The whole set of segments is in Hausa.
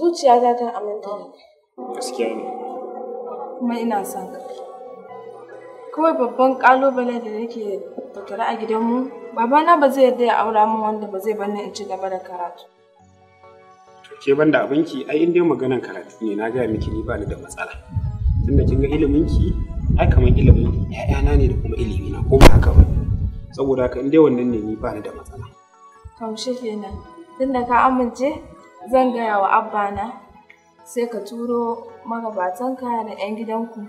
zuciyata ta aminta da gaskiya ne kuma ina son ka kawai babban kalubale da nake tattare a gidanmu babana ba zai yarda ya aura min wanda ba zai bani in ci gaba da karatu to ke banda abinki ai in dai maganar karatu ne na gaya miki ni ba ni da matsala tunda kin ga ilimin ki ai kamar ilimin ƴaƴana ne da kuma ilimi na ko ba haka ba saboda haka in dai wannan ne ni ba ni da matsala to shi kenan tunda ka amince zan gaya wa abba na sai ka turo ka da 'yan gidanku.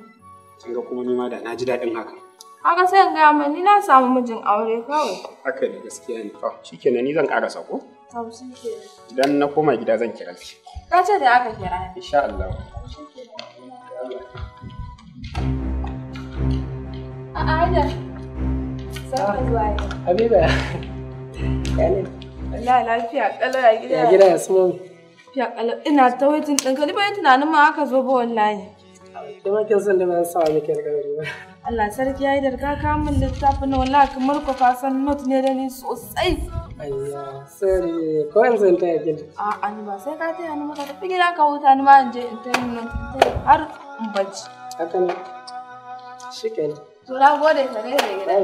Kin ga kuma nima da na ji daɗin haka. Haka sai ga gaya ma ni na samu mijin aure kawai. Haka ne gaskiya ne. To shikenan ni zan ƙara ko? To shikenan. Idan na koma gida zan kira ki. Ka ce da aka kira. Insha Allah. A'a Haidar. Sai ka zuwa Habiba. Ya ne. Allah lafiya kalau ya gida. Ya gida ya su mami. Lafiya kalau ina ta waitin ɗinka ni bayan tunanin ma aka zo ba wallahi. Da ma kin san da ban sawa miki alƙawari ba. Allah sarki yayi darga ka min littafin na wallahi kamar ku ka san note ne da ni sosai. Ayya sorry ko yanzu in taya kin. A a ni ba sai ka taya ni maka tafi gida ka huta ni ma in je in taya ni har in bacci. Haka ne. Shikenan. To na gode ka ne da gida.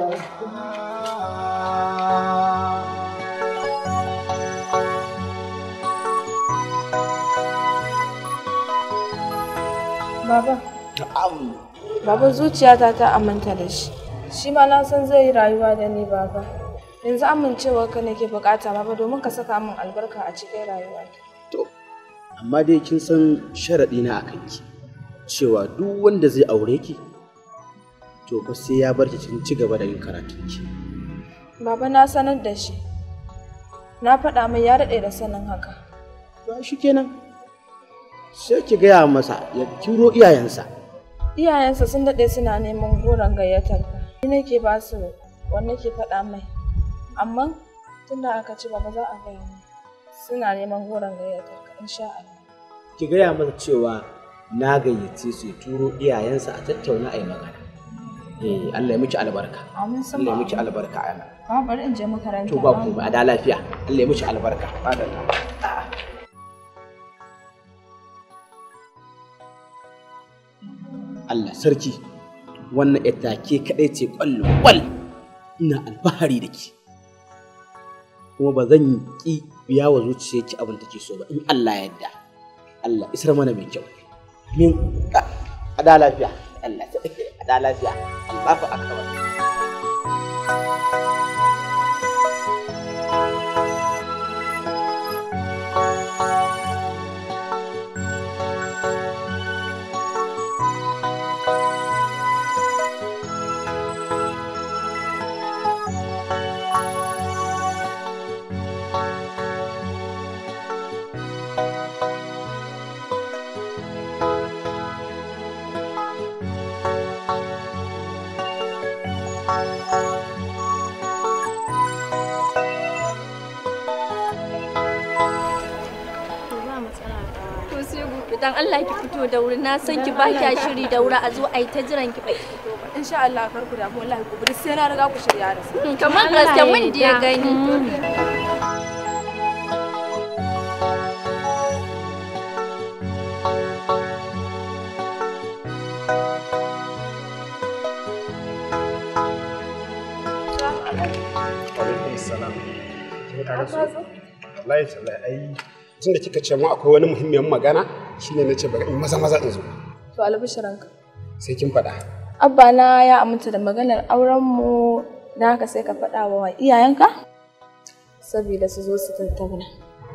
Baba. Baba zuciyata ta aminta da shi. Shi ma na san zai yi rayuwa da ni baba. Yanzu amincewar ka nake bukata baba domin ka saka min albarka a cikin rayuwa. To, amma dai kin san sharaɗi na akan ki. Cewa duk wanda zai aure ki to fa sai ya bar ki cikin ci gaba da yin karatun ki. Baba na sanar da shi. Na faɗa mai ya daɗe da sanin haka. Ba shi kenan. sai ki gaya masa ya turo iyayensa iyayensa sun daɗe suna neman goron gayyatar ni ke ba su wanne ke faɗa mai amma tunda aka ci ba za a gaya ni, suna neman goron gayyatar ka insha Allah ki gaya masa cewa na gayyace su turo iyayensa a tattauna a yi magana eh Allah ya miki albarka amin Allah ya miki albarka ana ba bari in je makaranta to ba ku ba da lafiya Allah ya miki albarka ba da Allah sarki wannan ke kaɗai ce ƙwal ina alfahari da ke kuma ba zan ƙi biya wa zuciya ki abin take so ba in Allah yadda yarda Allah isar mana mai kyau min ada lafiya Allah ada lafiya albafa akbar dan Allah ki fito da wuri na san ki ba kya shiri da wuri a zo a yi ta jiran ki bai fito ba insha Allah kar ku damu wallahi ku sai na riga ku shirya da su hmm, kamar gaske mun da ya gani Wallahi, ai, tun da kika ce mu akwai wani muhimmin magana, shine na ce bari in maza maza in zo to ka. sai kin faɗa abba na ya aminta da maganar auren mu da haka sai ka faɗa wa iyayenka saboda su zo su tattauna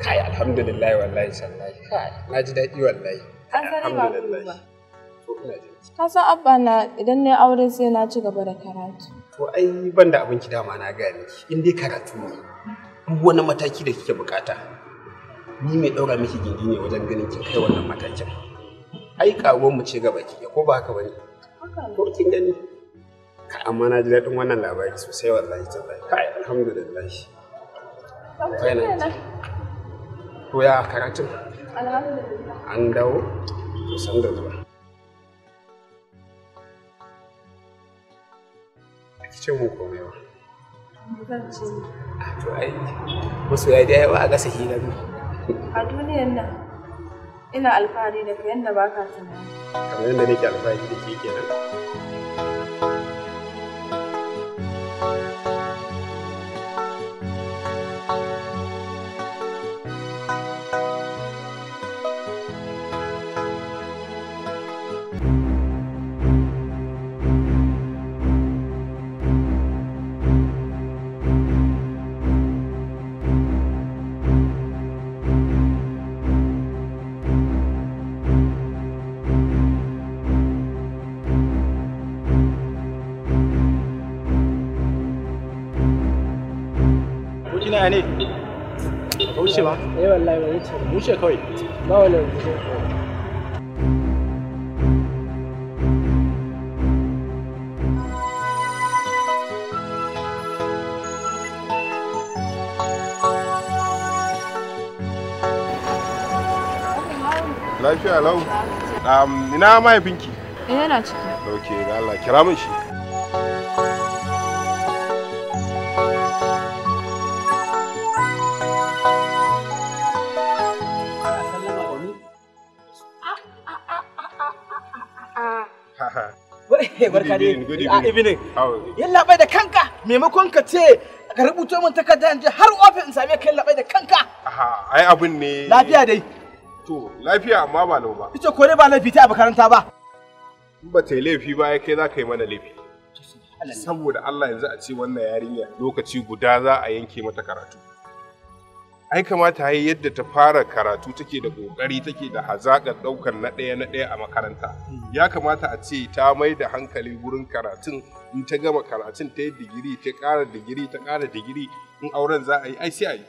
kai alhamdulillah wallahi sallahi na ji daɗi wallahi alhamdulillah ka san abba na idan na aure sai na ci gaba da karatu to ai ban da abin ki dama na gaya miki in dai karatu ne duk wani mataki da kike bukata ni mai ɗaura miki gindi ne wajen ganin ki kai wannan matakin ai karuwar mu ce gaba ki ko ba haka bane ko kin gani ka amma na ji daɗin wannan labari sosai wallahi tallahi kai alhamdulillah to ya karatun alhamdulillah an dawo to san da zuwa kice mu komai ba. To ai, masu ya da yawa a gasa mu. a duniyan nan ina alfahari da ka yadda ba ka tunani kamar yadda nake alfahari da ke kenan yaya ne wuce ba eh wallahi ba kawai ba wani wuce Lafiya lau. Ina mahaifinki? Eh ciki. Ok, Allah kira min shi. barka dai a evening ah, da kanka maimakon ka ce ka rubuto min takarda in je har ofis in same ka yalla labai da kanka aha ai abin ne lafiya dai to lafiya amma ba lau ba ita ko ne ba laifi ta a makaranta ba in ba ta yi laifi ba ya kai za ka yi mana laifi saboda Allah yanzu a ce wannan yarinya lokaci guda za a yanke mata karatu ai kamata yi yadda ta fara karatu take da kokari take da hazaƙar ɗaukar na ɗaya na ɗaya a makaranta hmm. ya kamata a ce ta mai da hankali wurin karatun in ta gama karatun ta yi digiri ta ƙara digiri ta ƙara digiri in auren za a yi ai sai a yi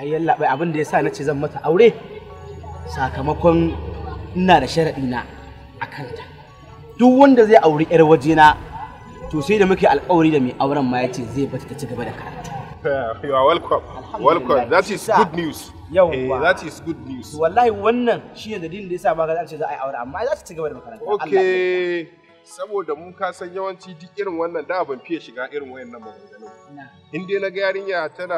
ai yalla bai abin da yasa nace zan mata aure sakamakon ina da sharaɗi na ta. duk wanda zai auri yar waje na, to sai da muke alƙawari da mai auren ma ya ce zai bata ta ci gaba da karatu you are welcome. Welcome. Eh, that is good news. Yawwa. That is good news. Wallahi wannan shi ne dalilin da yasa ma ga ce za a yi aure amma za su ci gaba da makaranta. Okay. Saboda mun ka san yawanci duk irin wannan da ban fiye shiga irin wayannan maganganu. In dai na ga yarinya tana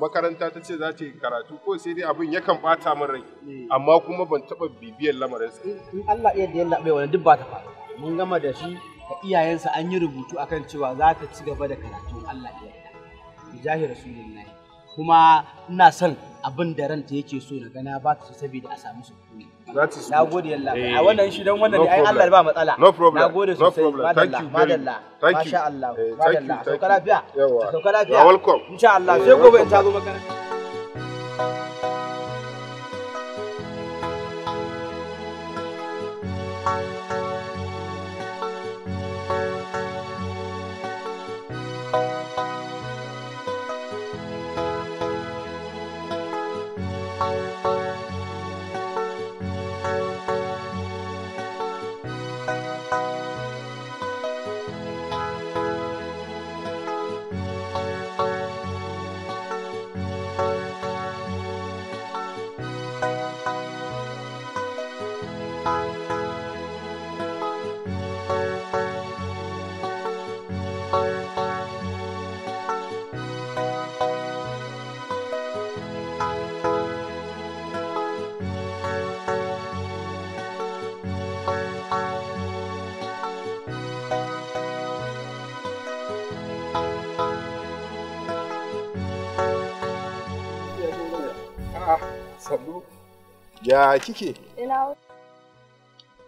makaranta ta ce za ta yi karatu ko sai dai abin yakan bata min rai eh. amma kuma ban taba bibiyar lamarin sa in Allah iya da yalla bai wani duk ba ta faru mun gama da shi da iyayensa an yi rubutu akan cewa za ta ci gaba da karatu Allah iya jahi rasulillahi kuma ina son abin da ranta yake so na gana ba ta saboda a samu sukuni na gode yalla eh. a wannan shi don wannan ai Allah ba matsala no na gode sosai madalla madalla masha Allah eh, madalla sauka lafiya sauka lafiya welcome insha Allah sai gobe in ta zo makaranta Ya kike? Ina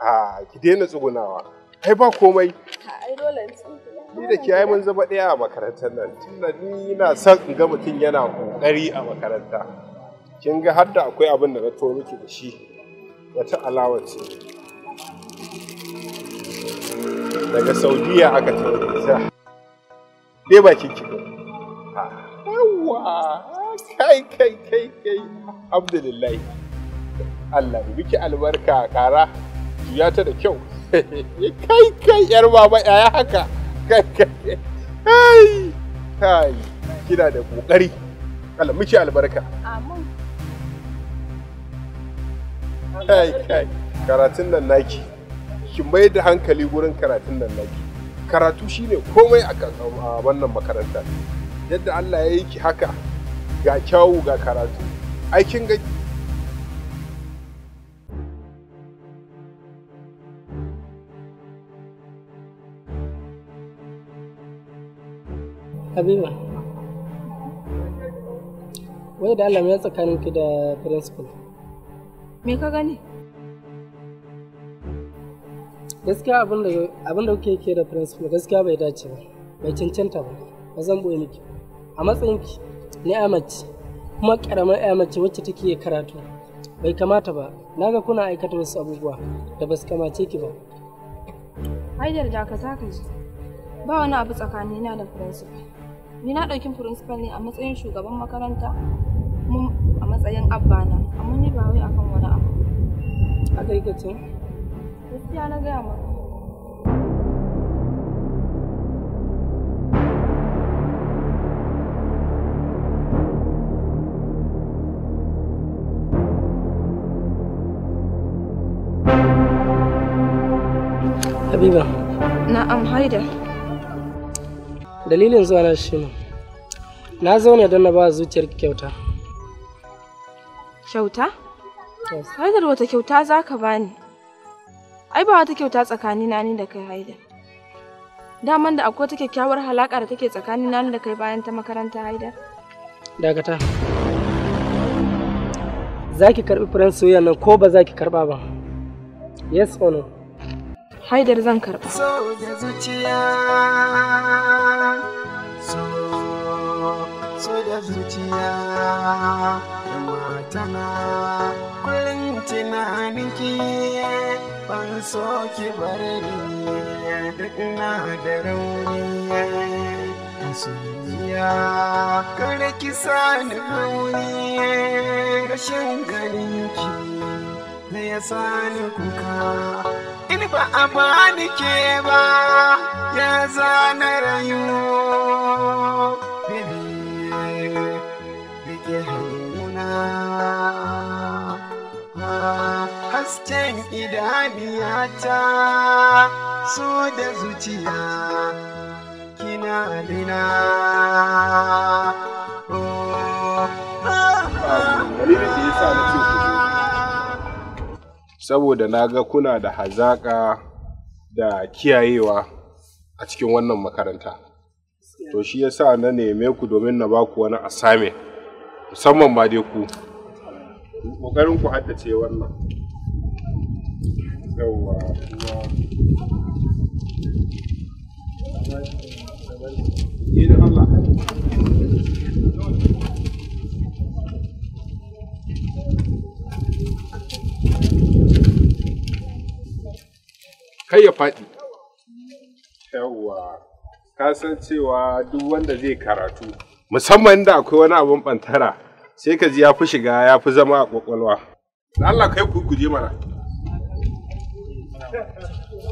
A ki daina tsugunawa. Ai ba komai. Ai dole in tsugunawa. Ni da ki ai mun zama ɗaya a makarantar nan. Tunda ni ina son in ga mutum yana kokari a makaranta. Kin ga har da akwai abin da na to miki da shi. Wata alawar Daga Saudiya aka ta. Dai ba ki ko? Yawwa! Kai kai kai kai. Abdullahi. Allah ya biki albarka kara juya ta da kyau kai kai yar baba yaya haka kai kai kai kina da kokari Allah miki albarka amin kai kai karatun nan naki ki mai da hankali gurin karatun nan naki karatu shine komai a wannan makaranta yadda Allah ya yi ki haka ga kyawu ga karatu aikin ga Habiba. Wai da Allah tsakanin tsakaninki da principal? Me ka gani? Gaskiya abin da kuke ke da principal gaskiya bai dace ba, bai cancanta ba, ba zan boye miki. A matsayinki ni amace, kuma karamar amace wacce take karatu. Bai kamata ba, naga kuna aikata wasu abubuwa da ba su kamace ki ba. Haidar da ka ji, ba wani abu tsakanina da principal. ni na ɗauki principal ne a matsayin shugaban makaranta mun a matsayin abana. amma ni ba wai akan wani abu a gaigacin gaskiya na gaya ma. Habiba. Na'am Haida. dalilin zuwa na shi ne na zaune don na ba zuciyar kyauta kyauta haidar wata kyauta za ka bani ai ba wata kyauta tsakanina ni da kai haidar daman da akwai ta kyakkyawar halaƙa da take tsakanina ni da kai bayan ta makaranta haidar dakata za ki karɓi furen soyayya nan ko ba za ki karɓa ba yes or no haidar zan karɓa. So da zuciya, so, so da zuciya, matana kullum tunaninki ban so ki bari duk na da rauni. Soyayya kare ki sani rauni rashin ganinki da ya sani kuka. ba a bani ke ba ya zana rayu rike hannuna ah, hasken idaniyata so da zuciya kina rina oh, ah, ah, ah, saboda na ga kuna da hazaƙa da kiyayewa a cikin wannan makaranta to shi yasa na neme ku domin na ba ku wani asame musamman ba dai ku ƙoƙarin ku haddace wannan yawwa kuma Allah kai ya faɗi yawwa ka san cewa duk wanda zai karatu musamman da akwai wani abin bantara sai ka ji ya fi shiga ya fi zama a ƙwaƙwalwa. Allah kai ku kuje mana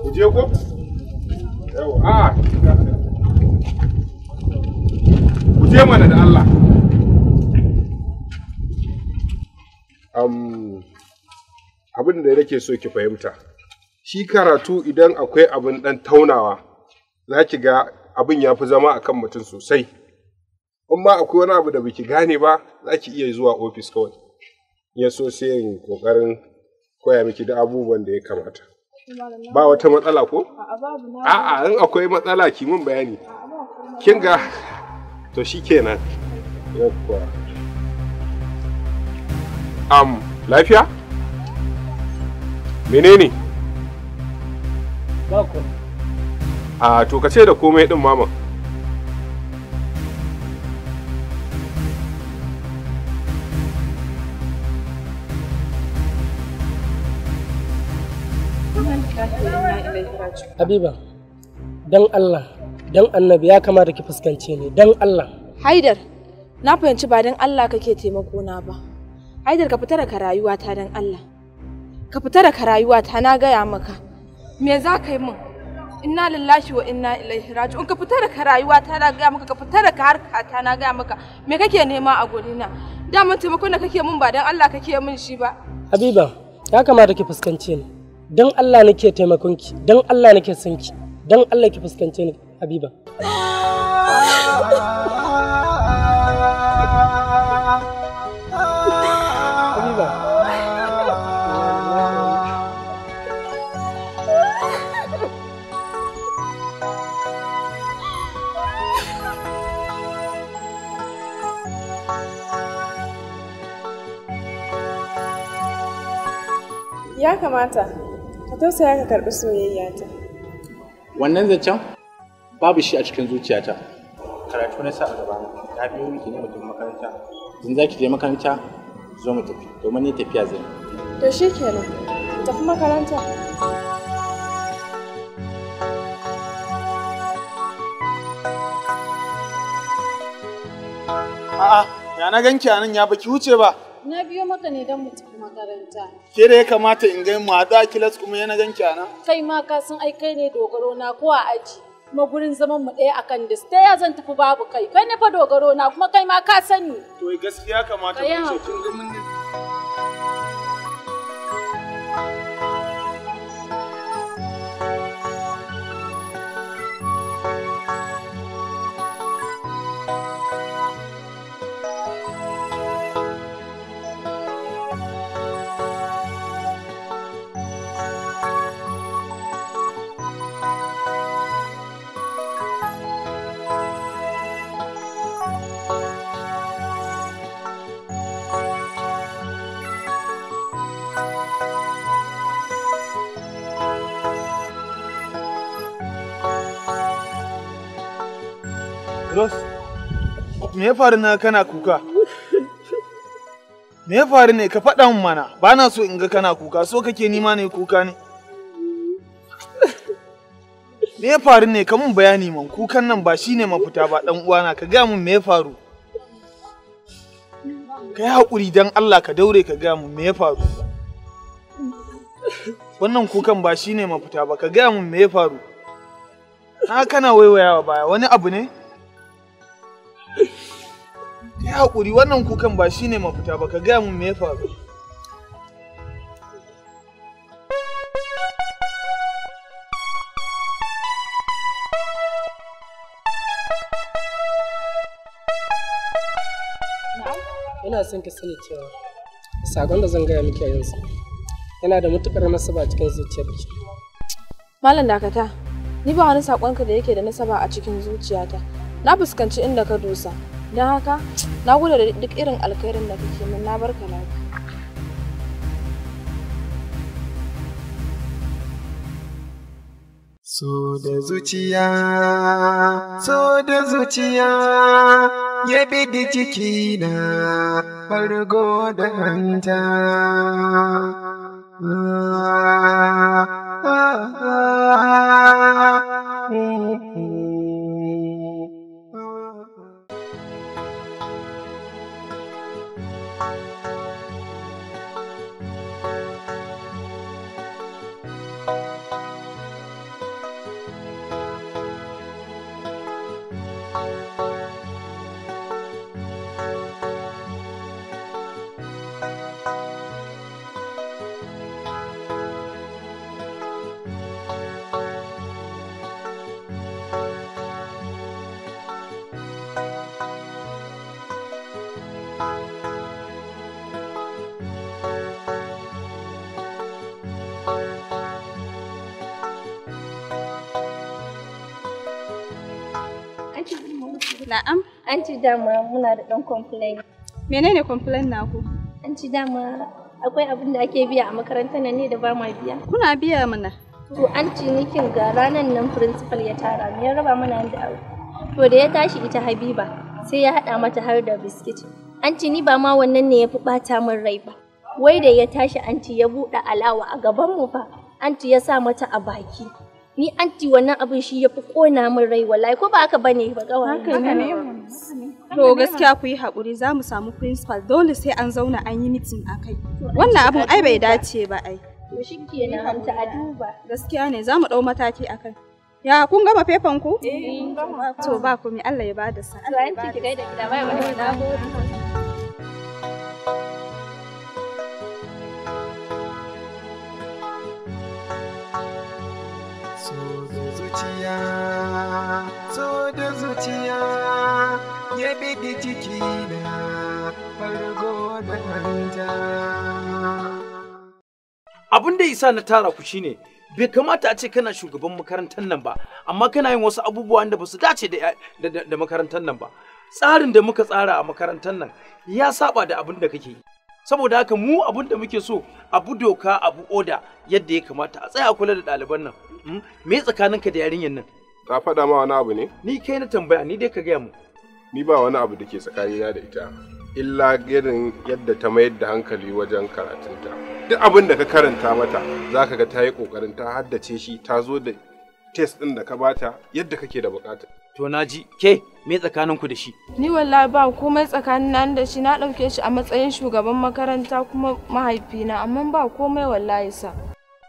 Guje ku? yawwa a Guje mana da Allah abin da nake so ki fahimta shi karatu idan akwai abin ɗan taunawa za ki ga abin ya fi zama a kan mutum sosai in ma akwai wani abu da baki gane ba za ki iya zuwa ofis kawai ya so sai yin ƙoƙarin koya miki da abubuwan da ya kamata ba wata matsala ko a'a in akwai matsala ki mun bayani kin ga to shi kenan. am lafiya menene ba ku a to ka ce da komai din mama Habiba, don Allah, don annabi ya kamata ki fuskance ni, don Allah. Haidar, na fahimci ba don Allah kake taimako na ba. Haidar ka fita daga rayuwata don Allah. Ka fita daga rayuwata na gaya maka. me za ka yi min inna lillahi wa inna ilaihi raji'un ka fita da rayuwa ta na gaya maka ka fita da harka ta na gaya maka me kake nema a gurina daman taimakon da kake min ba dan Allah kake min shi ba habiba ya kamata ki fuskance ni dan Allah nake taimakon ki dan Allah nake son ki dan Allah ki fuskance ni habiba kamata ka tausaya ka karɓi soyayyata. Wannan zancen babu shi a cikin zuciyata. Karatu na sa a gaba na biyo miki ne mutum makaranta. Zan za ki je makaranta zo mu tafi, domin ni tafiya zai. To shi kenan, tafi makaranta. A'a, ya na ganki a nan ya baki wuce ba. Na biyo maka ne don mu tafi makaranta. Ke da ya kamata in gai mu haɗu a kilas kuma yana gan kyana. Kai ma ka san ai kai ne dogaro na ko a aji. Kuma gurin zaman mu ɗaya akan dis ta ya zan tafi babu kai. Kai ne fa dogaro na kuma kai ma ka sani. To gaskiya kamata ka ce kun ga Me ya faru na kana kuka? Me ya faru ne ka faɗa min mana? Ba na so in ga kana kuka, so kake nima ne kuka ne. Me ya faru ne ka mun bayani man kukan nan ba shine mafita ba dan uwana ka ga mun me ya faru? Ka yi haƙuri dan Allah ka daure ka ga mun me ya faru? Wannan kukan ba shine mafita ba ka ga mun me ya faru? Na kana waiwayawa baya wani abu ne? Kai haƙuri wannan kukan ba shi ne mafita ba ka gaya mun me ya faru. Ina son ka sani cewa sakon da zan gaya miki a yanzu yana da matuƙar nasaba cikin zuciyarki. Malam dakata, ni ba wani sakonka da yake da nasaba a cikin zuciyata. na fuskanci inda ka dosa don haka na gode da duk irin alkhairin da kake min na barka lafiya So da zuciya, so da zuciya, ya bidi jikina, fargo da hanta. Ah, ah, ah. Na'am, an ci dama muna da ɗan complain. Menene complain ku An ci dama akwai abin da ake biya a makarantar nan ne da ba ma biya. Kuna biya mana? To an ci nikin ga ranar nan principal ya tara mu ya raba mana da abu. To da ya tashi ita Habiba sai ya haɗa mata har da biskit. An ci ni ba ma wannan ne ya fi ɓata min rai ba. Wai da ya tashi an ci ya buɗe alawa a gaban mu fa. An ci ya sa mata a baki. ni anti wannan abin shi ya fi kona min rai wallahi ko ba haka bane ba kawai haka ne to gaskiya ku yi hakuri, za mu samu principal dole sai an zauna an yi meeting akai wannan abin ai bai dace ba ai to shi ne hamta a duba gaskiya ne za mu ɗau mataki akai ya kun gama fefan ku eh, to ba ku mi Allah ya bada sa'a to anti ki gaida gida bai wani na gode so da zuciya so da ya fargo da abin da isa na tara ku shine bai kamata a ce kana shugaban makarantar nan ba amma kana yin wasu abubuwa da ba su dace da makarantar nan ba tsarin da muka tsara a makarantar nan ya saba da abin da kake yi saboda haka mu abin da muke so abu doka abu oda yadda ya kamata a tsaya kula da ɗaliban nan Mm? me tsakaninka da yarinyar nan ta faɗa ma wani abu ne ni kai na tambaya ni dai ka gaya mu ni ba wani abu da ke tsakanina da ita illa irin yadda ta mayar da hankali wajen karatunta duk abin da ka karanta mata za ka ga ta yi ƙoƙarin ta haddace shi ta zo da test ɗin da ka bata yadda kake da buƙata. to na ji ke me tsakaninku da shi ni wallahi ba komai tsakanin da shi na ɗauke shi a matsayin shugaban makaranta kuma mahaifina amma ba komai wallahi sa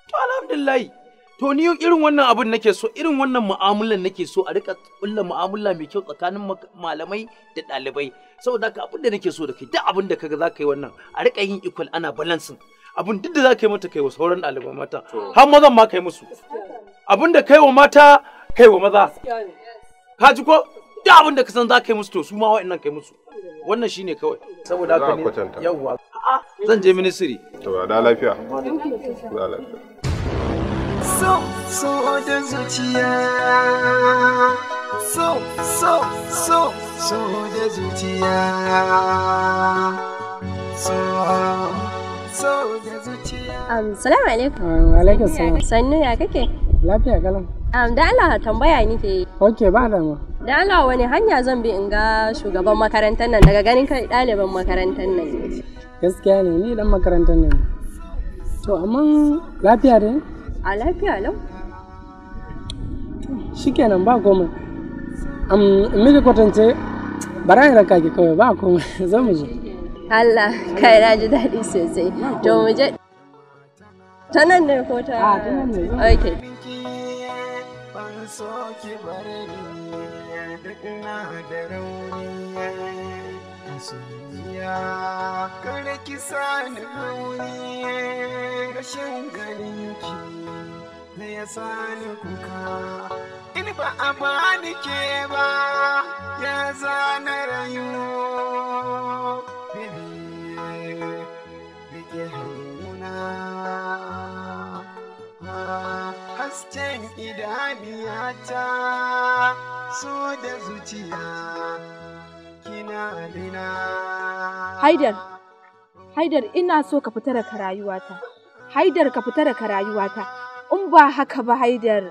to alhamdulillah To ni irin wannan abin nake so, irin wannan mu'amalan nake so a rika kulla mu'amala mai kyau tsakanin malamai da ɗalibai. Saboda ka abin da nake so da kai, duk abin da kaga za ka yi wannan, a rika yin equal ana balancing. Abin duk da za ka yi mata kai wa sauran dalibai mata, har mazan ma kai musu. Abin da kai wa mata, kai wa maza. Ka ji ko? Duk abin da ka san za ka yi musu to su ma wa'annan kai musu. Wannan shine kawai. Saboda haka ne. Yawwa. A'a, zan je ministry. To, da lafiya. Da lafiya. so zuciya alaikum salam sannu ya kake lafiya kalam da Allah tambaya nike okay ba da mu da Allah wani hanya zan bi in ga shugaban makarantar nan daga ganin kai ɗaliban makarantar nan gaskiya ne ni dan makarantar nan to amma lafiya dai A lafiya lau? Shikenan ba komai. Am kwatance bara in raka kawai ba komai zan mu je. Allah kai na ji daɗi sosai. To mu je. Ta nan ne ko ta? A ta nan ne. da kada ki sani rashin ki da ya sani kuka in ba a bani ke ba ya zana rayu rike hannuna hasken idaniyata so da zuciya kina dina haidar haidar ina so ka fita daga rayuwata haidar ka fita daga rayuwata in ba haka ba haidar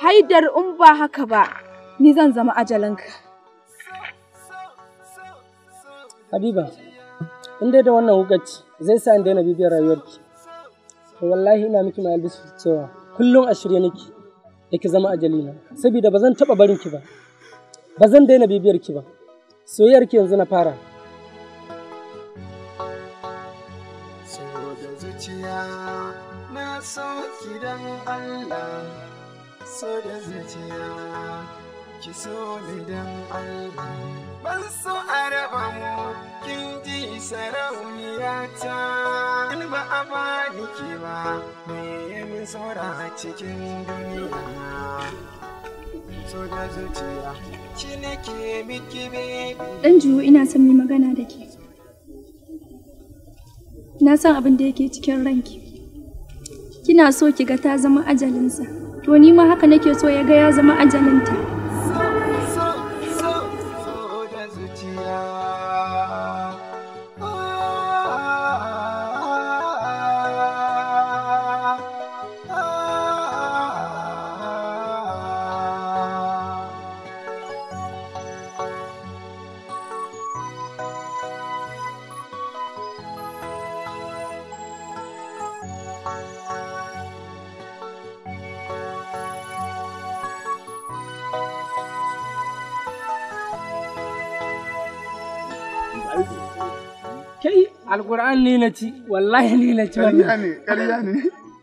haidar in ba haka ba ni zan zama ajalinka habiba in dai da wannan hukaci zai sa in daina bibiyar rayuwarki to wallahi ina miki ma albishi cewa kullum a shirye nake yake zama ajalina saboda ba zan taba barinki ba ba zan daina bibiyarki ba soyayyarki yanzu na fara dan Allah so da zuciya ki so ni dan Allah ban so araba mu kin ji sarauniya ta in ba a ba ni ke ba me ya min saura a cikin duniya so da zuciya ki miki baby dan juwo ina son mi magana da ke na san abin da yake cikin ranki kina so ki ga ta zama ajalinsa to ni ma haka nake so ya ga ya zama ajalinta alkur'an ni na ci wallahi ni na ci ƙarya ne ƙarya ne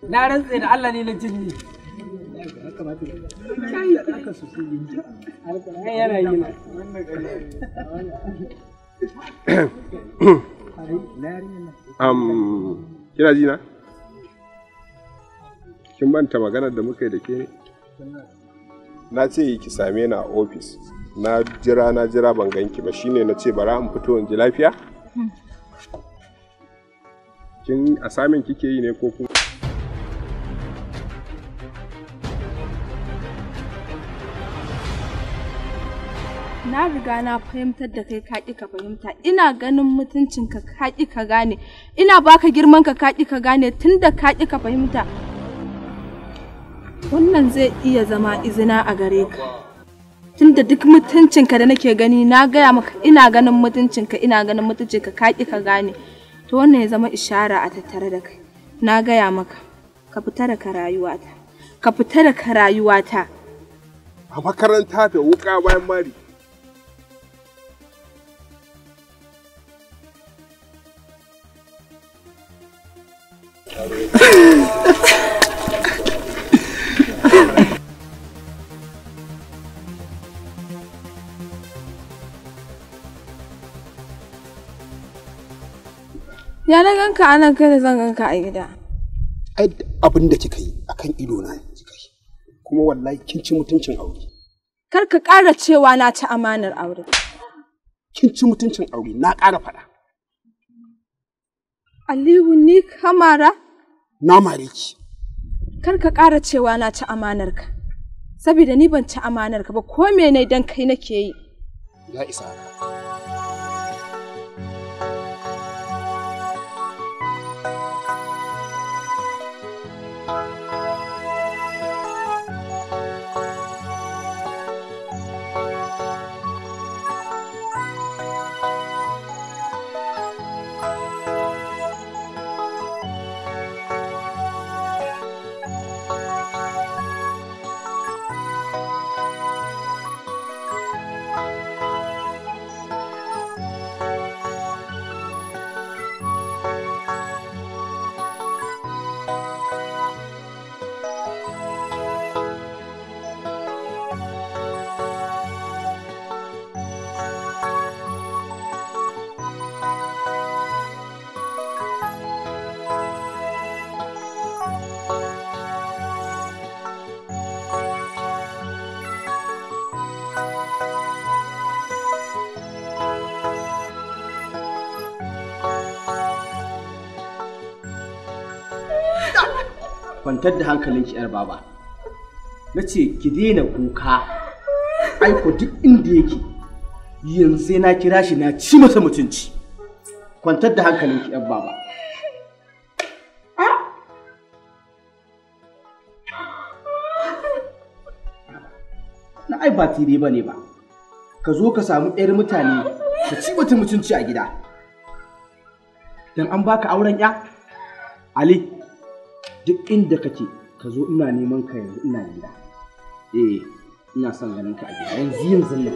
na rantse da Allah ni na ci ni yana kina ji na kin banta maganar da muka yi da ke ne na ce ki same na a ofis na jira na jira ban ganki ba shine na ce bara in fito in ji lafiya kin assignment kike yi ne ko kuma na riga na fahimtar da kai kaƙi ka fahimta ina ganin mutuncinka kaƙi ka gane ina baka girman ka kaƙi ka gane tunda kaƙi ka fahimta wannan zai iya zama izina a gare ka tunda duk mutuncinka da nake gani na gaya maka ina ganin mutuncinka ina ganin mutuncinka kaƙi ka gane to wannan ya zama ishara a tattare da kai na gaya maka ka fita ka rayuwata ka fita ka rayuwata a makaranta da wuka bayan mari Ya na ganka a kai da zan ganka a gida. Ai abin da kika yi akan ido na kika yi. Kuma wallahi kin ci mutuncin aure. Kar ka ƙara cewa na ci amanar aure. Kin ci mutuncin aure na ƙara faɗa. Aliyu ni kamara? Na mare ki. Kar ka ƙara cewa na ci amanar ka. Saboda ni ban ci amanar ka ba ko ne dan kai nake yi. Ya isa kwantar da ki yar baba na ce ki daina kuka aiko duk inda yake yanzu na kira shi na ci masa mutunci kwantar da ki yar baba na ai ba tire ba ne ba ka zo ka samu 'yar mutane ka ci mutunci a gida don an baka auren ya ali duk inda kake ka zo ina neman ka yanzu ina gida eh ina son ganin ka a gida yanzu yanzu ne.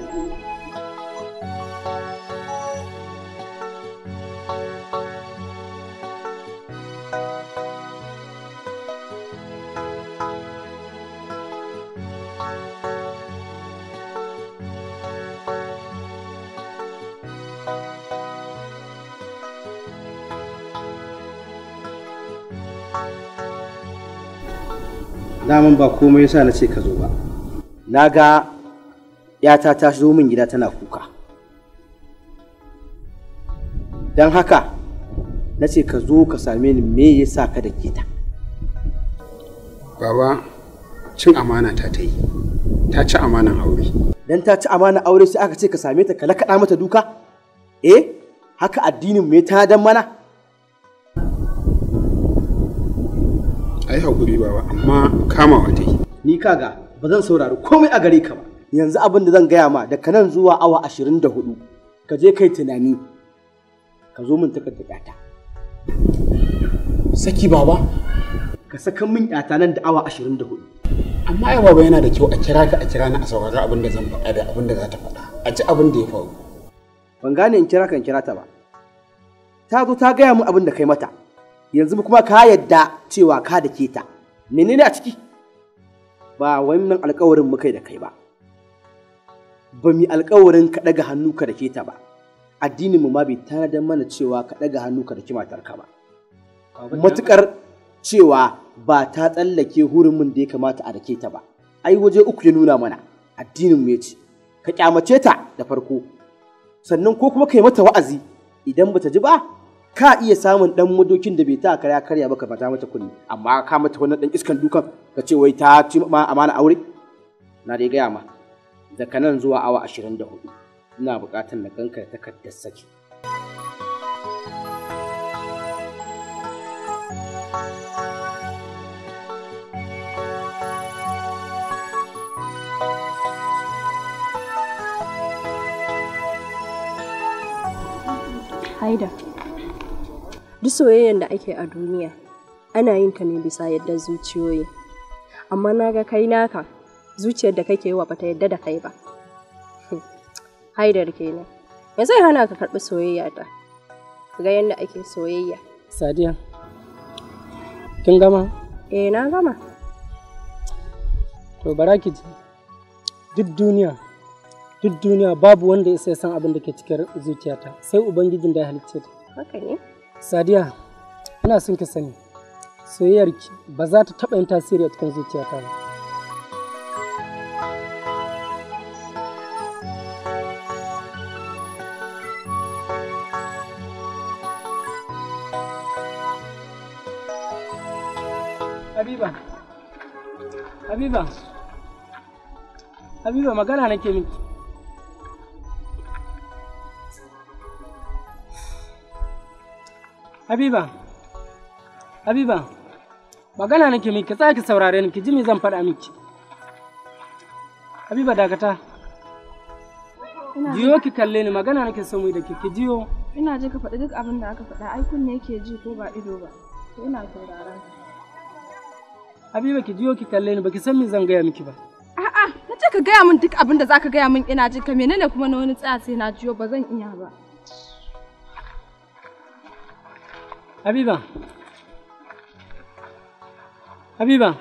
daman ba komai yasa na ce ka zo ba na ga yata ta zo min gida tana kuka don haka na ce ka zo ka same ni me yasa ka da ta baba cin amana ta ta yi ta ci amanan aure dan ta ci amanan aure sai aka ce ka same ta ka lakaɗa mata duka eh haka addinin me ta dan mana ai hakuri baba amma kamawa ta yi ni kaga ba zan saurari komai a gare ka ba yanzu abin da zan gaya ma daga nan zuwa awa ashirin da hudu ka je kai tunani ka zo min takardar ta saki baba ka saka min yata nan da awa ashirin da hudu amma ai baba yana da kyau a kira ka a kira ni a saurari abin da zan faɗa da abin da za ta faɗa a ci abin da ya faru ban gane in kira kan kira ta ba ta zo ta gaya min abin da kai mata yanzu kuma ka yadda cewa ka da ke ta menene a ciki ba wannan alkawarin muka da kai ba ba mu alkawarin ka daga hannu ka da ke ta ba addinin mu ma bai tanadar mana cewa ka daga hannu ka da ki matarka ba matukar cewa ba ta tsallake mun da ya kamata a dake ta ba ai waje uku ya nuna mana addinin mu ce ka kyamace ta da farko sannan ko kuma kai mata wa'azi idan bata ji ba ka iya samun dan madokin da bai ta karya karya baka fata mata kuɗi amma ka mata wannan dan iskan dukan ka ce wai ta ci ma amana aure na dai gaya ma daga nan zuwa awa 24 ina buƙatar na ganka takardar saki Haida. duk soyayyar da ake a duniya ana yin ta ne bisa yadda zuciyoyi amma na ga kai naka zuciyar da kake wa bata yadda da kai ba haidar kenan me zai hana ka karɓi soyayya ta ga yadda ake soyayya sadiya kin gama eh na gama to baraki ji duk duniya duk duniya babu wanda ya san abin da ke cikin zuciyata sai ubangijin da ya halicce ta haka ne Sadiya, ina son ka sani, ki ba za ta taɓa yin tasiri a cikin zuciyata ba. Habiba, Habiba, Habiba magana nake miki. Habiba, Habiba, magana nake miki, tsaya ki saurare ni, ki ji me zan faɗa miki. Habiba dakata. Jiyo ki kalle ni magana nake so mu da ki, ki jiyo. Ina je ka faɗi duk abin da aka faɗa, ai kunne yake ji ko ba ido ba. To ina sauraron. Habiba ki jiyo ki kalle ni, baki san me zan gaya miki ba. A'a, na ka gaya min duk abin da zaka gaya min ina ji ka menene kuma na wani tsaya sai na jiyo ba zan iya ba. Habiba. Habiba,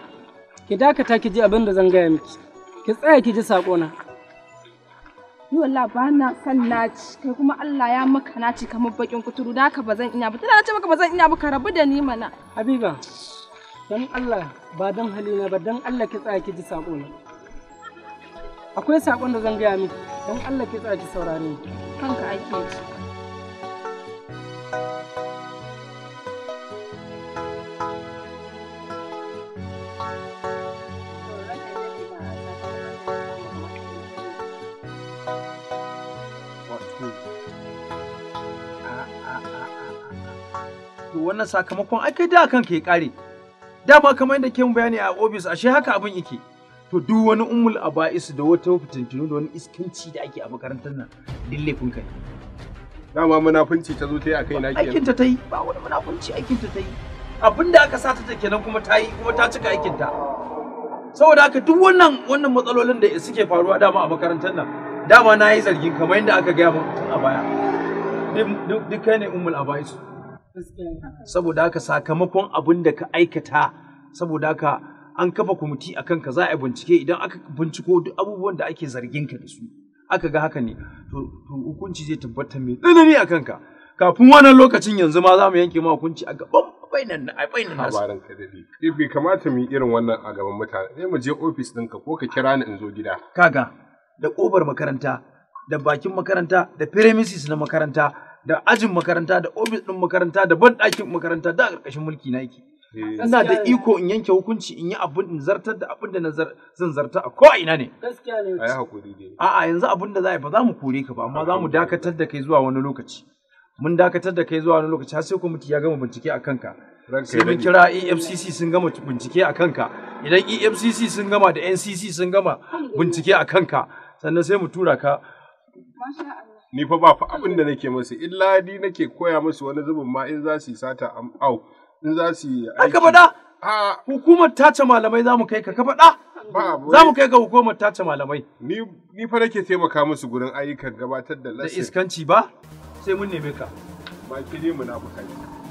ki dakata ki ji abin da zan gaya miki. Ki tsaya ki ji saƙona. Ni wallah ba na san naci, kai kuma Allah ya maka naci kamar bakin kuturu da haka ba zan iya ba. Tana ce maka ba zan iya ba ka rabu da ni mana. Habiba, dan Allah ba dan halina ba dan Allah ki tsaya ki ji saƙona. Akwai saƙon da zan gaya miki, dan Allah ki tsaya ki saurare ni. Kanka ake ji. wannan sakamakon ai kai da kanka ya kare dama kamar yadda ke bayani a ofis ashe haka abin yake to duk wani ummul aba'is da wata fitintunu da wani iskanci da ake a makarantar nan duk laifin kai dama munafunci ta zo ta yi a kai na kenan aikin ta ta yi ba wani munafunci aikin ta tai yi abin da aka sata ta kenan kuma ta yi kuma ta cika aikin ta saboda haka duk wannan wannan matsalolin da suke faruwa dama a makarantar nan dama na yi zargin kamar yadda aka gaya mun a baya duk kai ne ummul aba'is saboda haka sakamakon abin da ka aikata saboda haka an kafa kwamiti a kanka za a bincike idan aka binciko duk abubuwan da ake zargin ka da su aka ga haka ne to hukunci zai tabbatar mai tsanani a kanka kafin wannan lokacin yanzu ma za mu yanke ma hukunci a gaban bainan na bainan na labarin ka dade eh, bai kamata mu yi irin wannan a gaban mutane sai eh, mu je office ɗinka ko ka kira ni in zo gida kaga da kobar makaranta da bakin makaranta da premises na makaranta da ajin makaranta da ofis ɗin makaranta da ban ɗakin makaranta da ƙarƙashin mulki na yake. Eh. Ina da iko in yanke hukunci in yi abin in zartar da abin da zan zarta a kowa ina ne. Gaskiya ne. Ayi hakuri dai. A'a yanzu abin da za a ba za mu kore ka ba amma za mu dakatar da kai zuwa wani lokaci. Mun dakatar da kai zuwa wani lokaci har sai kwamiti ya gama bincike a kanka. Sai mun kira EFCC sun gama bincike a kanka. Idan EFCC sun gama da NCC sun gama bincike a kanka sannan sai mu tura ka. Masha Allah. ni fa ba fa abin da nake musu illa di nake koya musu wani zubin ma in za su yi sata am au in za su yi aiki ka faɗa hukumar tace malamai za mu kai ka ka faɗa za mu kai ka hukumar tace malamai ni ni fa nake taimaka musu gurin ayyukan gabatar da lesson da iskanci ba sai mun neme ka ba ki ne munafuka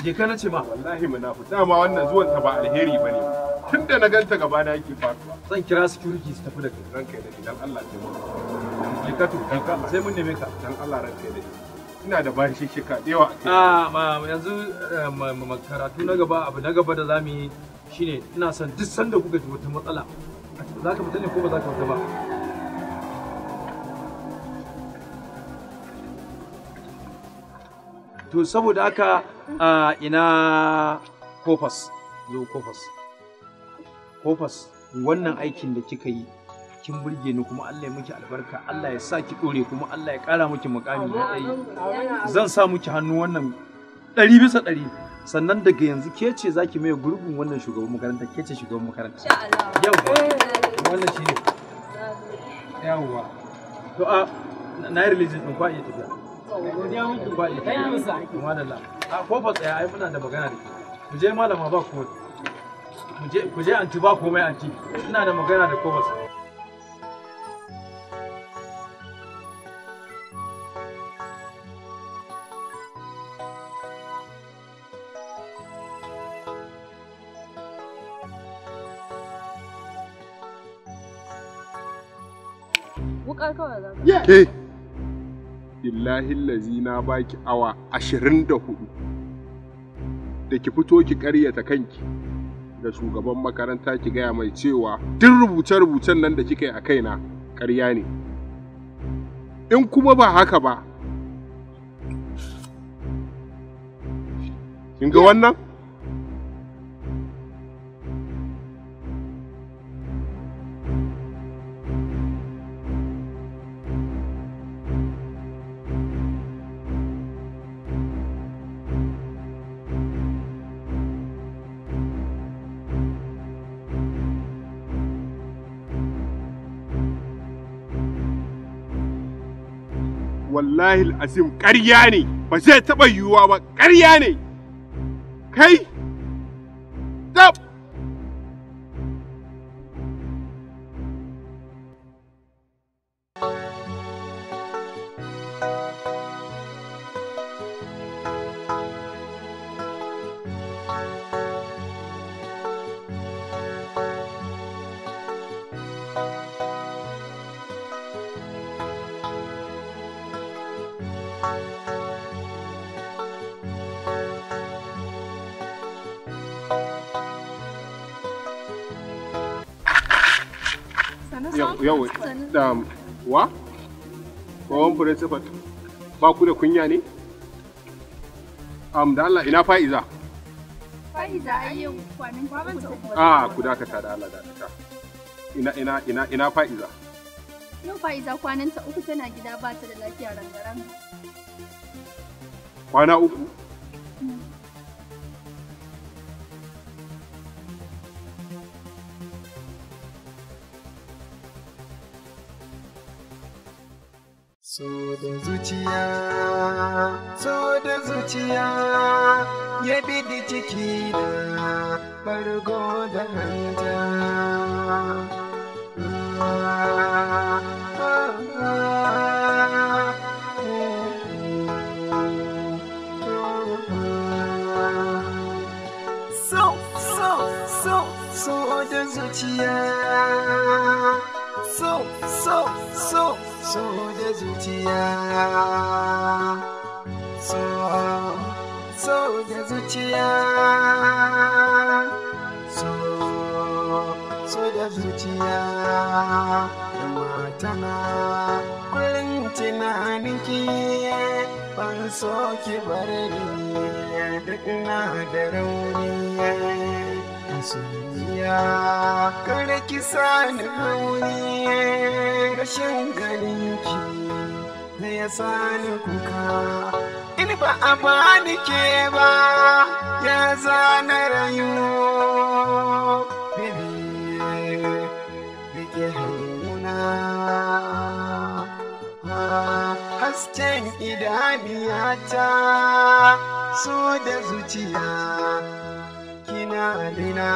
je ka nace ma wallahi munafuka dama wannan zuwan ta ba alheri bane tunda na ganta gaba na yake faɗuwa zan kira security su tafi da kai ranka da gidan Allah taimaka jikatu sai mun neme ka dan Allah ranka dai ina da bayan shishika da yawa a ah, ma yanzu eh, karatu na gaba abu na gaba da za mu yi shine ina son duk sanda kuka ji wata matsala za ka fita ne ko ba za ka fita ba to saboda haka a ah, ina kofas zo kofas kofas wannan aikin da kika yi kin burge ni kuma Allah ya miki albarka Allah ya sa ki dore kuma Allah ya kara miki mukami na dai zan sa miki hannu wannan ɗari bisa ɗari sannan daga yanzu ke ce za ki mai gurbin wannan shugaban makaranta ke ce shugaban makaranta yawwa eh, wannan shi ne to a na yi religion ɗin kwaɗe tafiya kwaɗe tafiya kuma da la a ko ba tsaya ai muna da magana da ke mu je malama ba kuma mu je anti ba komai anti ina da magana da kobas Wuka kawai za na baki awa ashirin da hudu. Da ki fito ki karyata kanki da shugaban makaranta ki gaya mai cewa duk rubuce-rubucen nan da kika yi a kaina karya ne. In kuma ba haka ba, kin ga wannan? wallahi azim ƙarya ne ba zai taɓa yiwuwa ba ƙarya ne kai yau da wa? Wawan principal ba ku da kunya ne? Am da Allah ina fa'iza? Fa'iza ai yau kwanin kwanan ta uku. Ah ku dakata da Allah dakata. Ina ina ina ina fa'iza? Yau fa'iza kwanan ta uku tana gida ba ta da lafiya rangaran. Kwana uku? So da zuciya, so da zuciya, ya bidi ciki da bargo da hanta. So, so, so da zuciya, so, so. so da zuciya so so da zuciya so so da zuciya matana kullum tunaninki ban so ki bari duk na da rauni Ya kar ki sani hauni rashin ganin ki da ya sani kuka in ba a bani ke ba ya zana rayu Hasken idaniyata so da zuciya ya'dina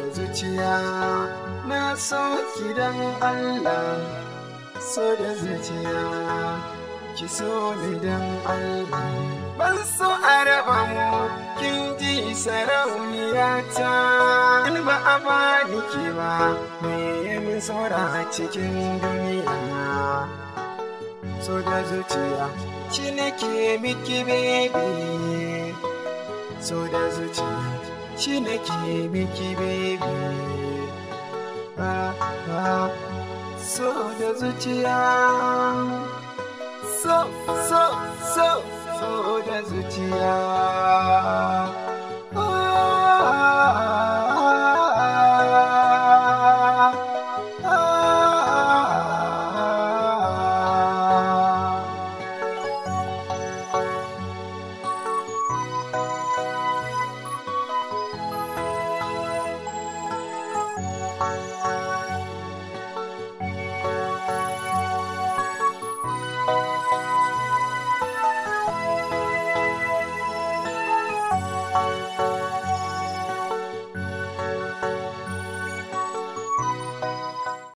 da zuciya na sauki dan Allah so da zuciya ki so ni dan Allah ban so a raba mu kin ji sarauniya ta in ba a ba ki ba me min saura cikin duniya so da zuciya ke miki baby so da zuciya ci nake miki baby ah, ah, so da zuciya so so so so da zuciya ah, ah, ah.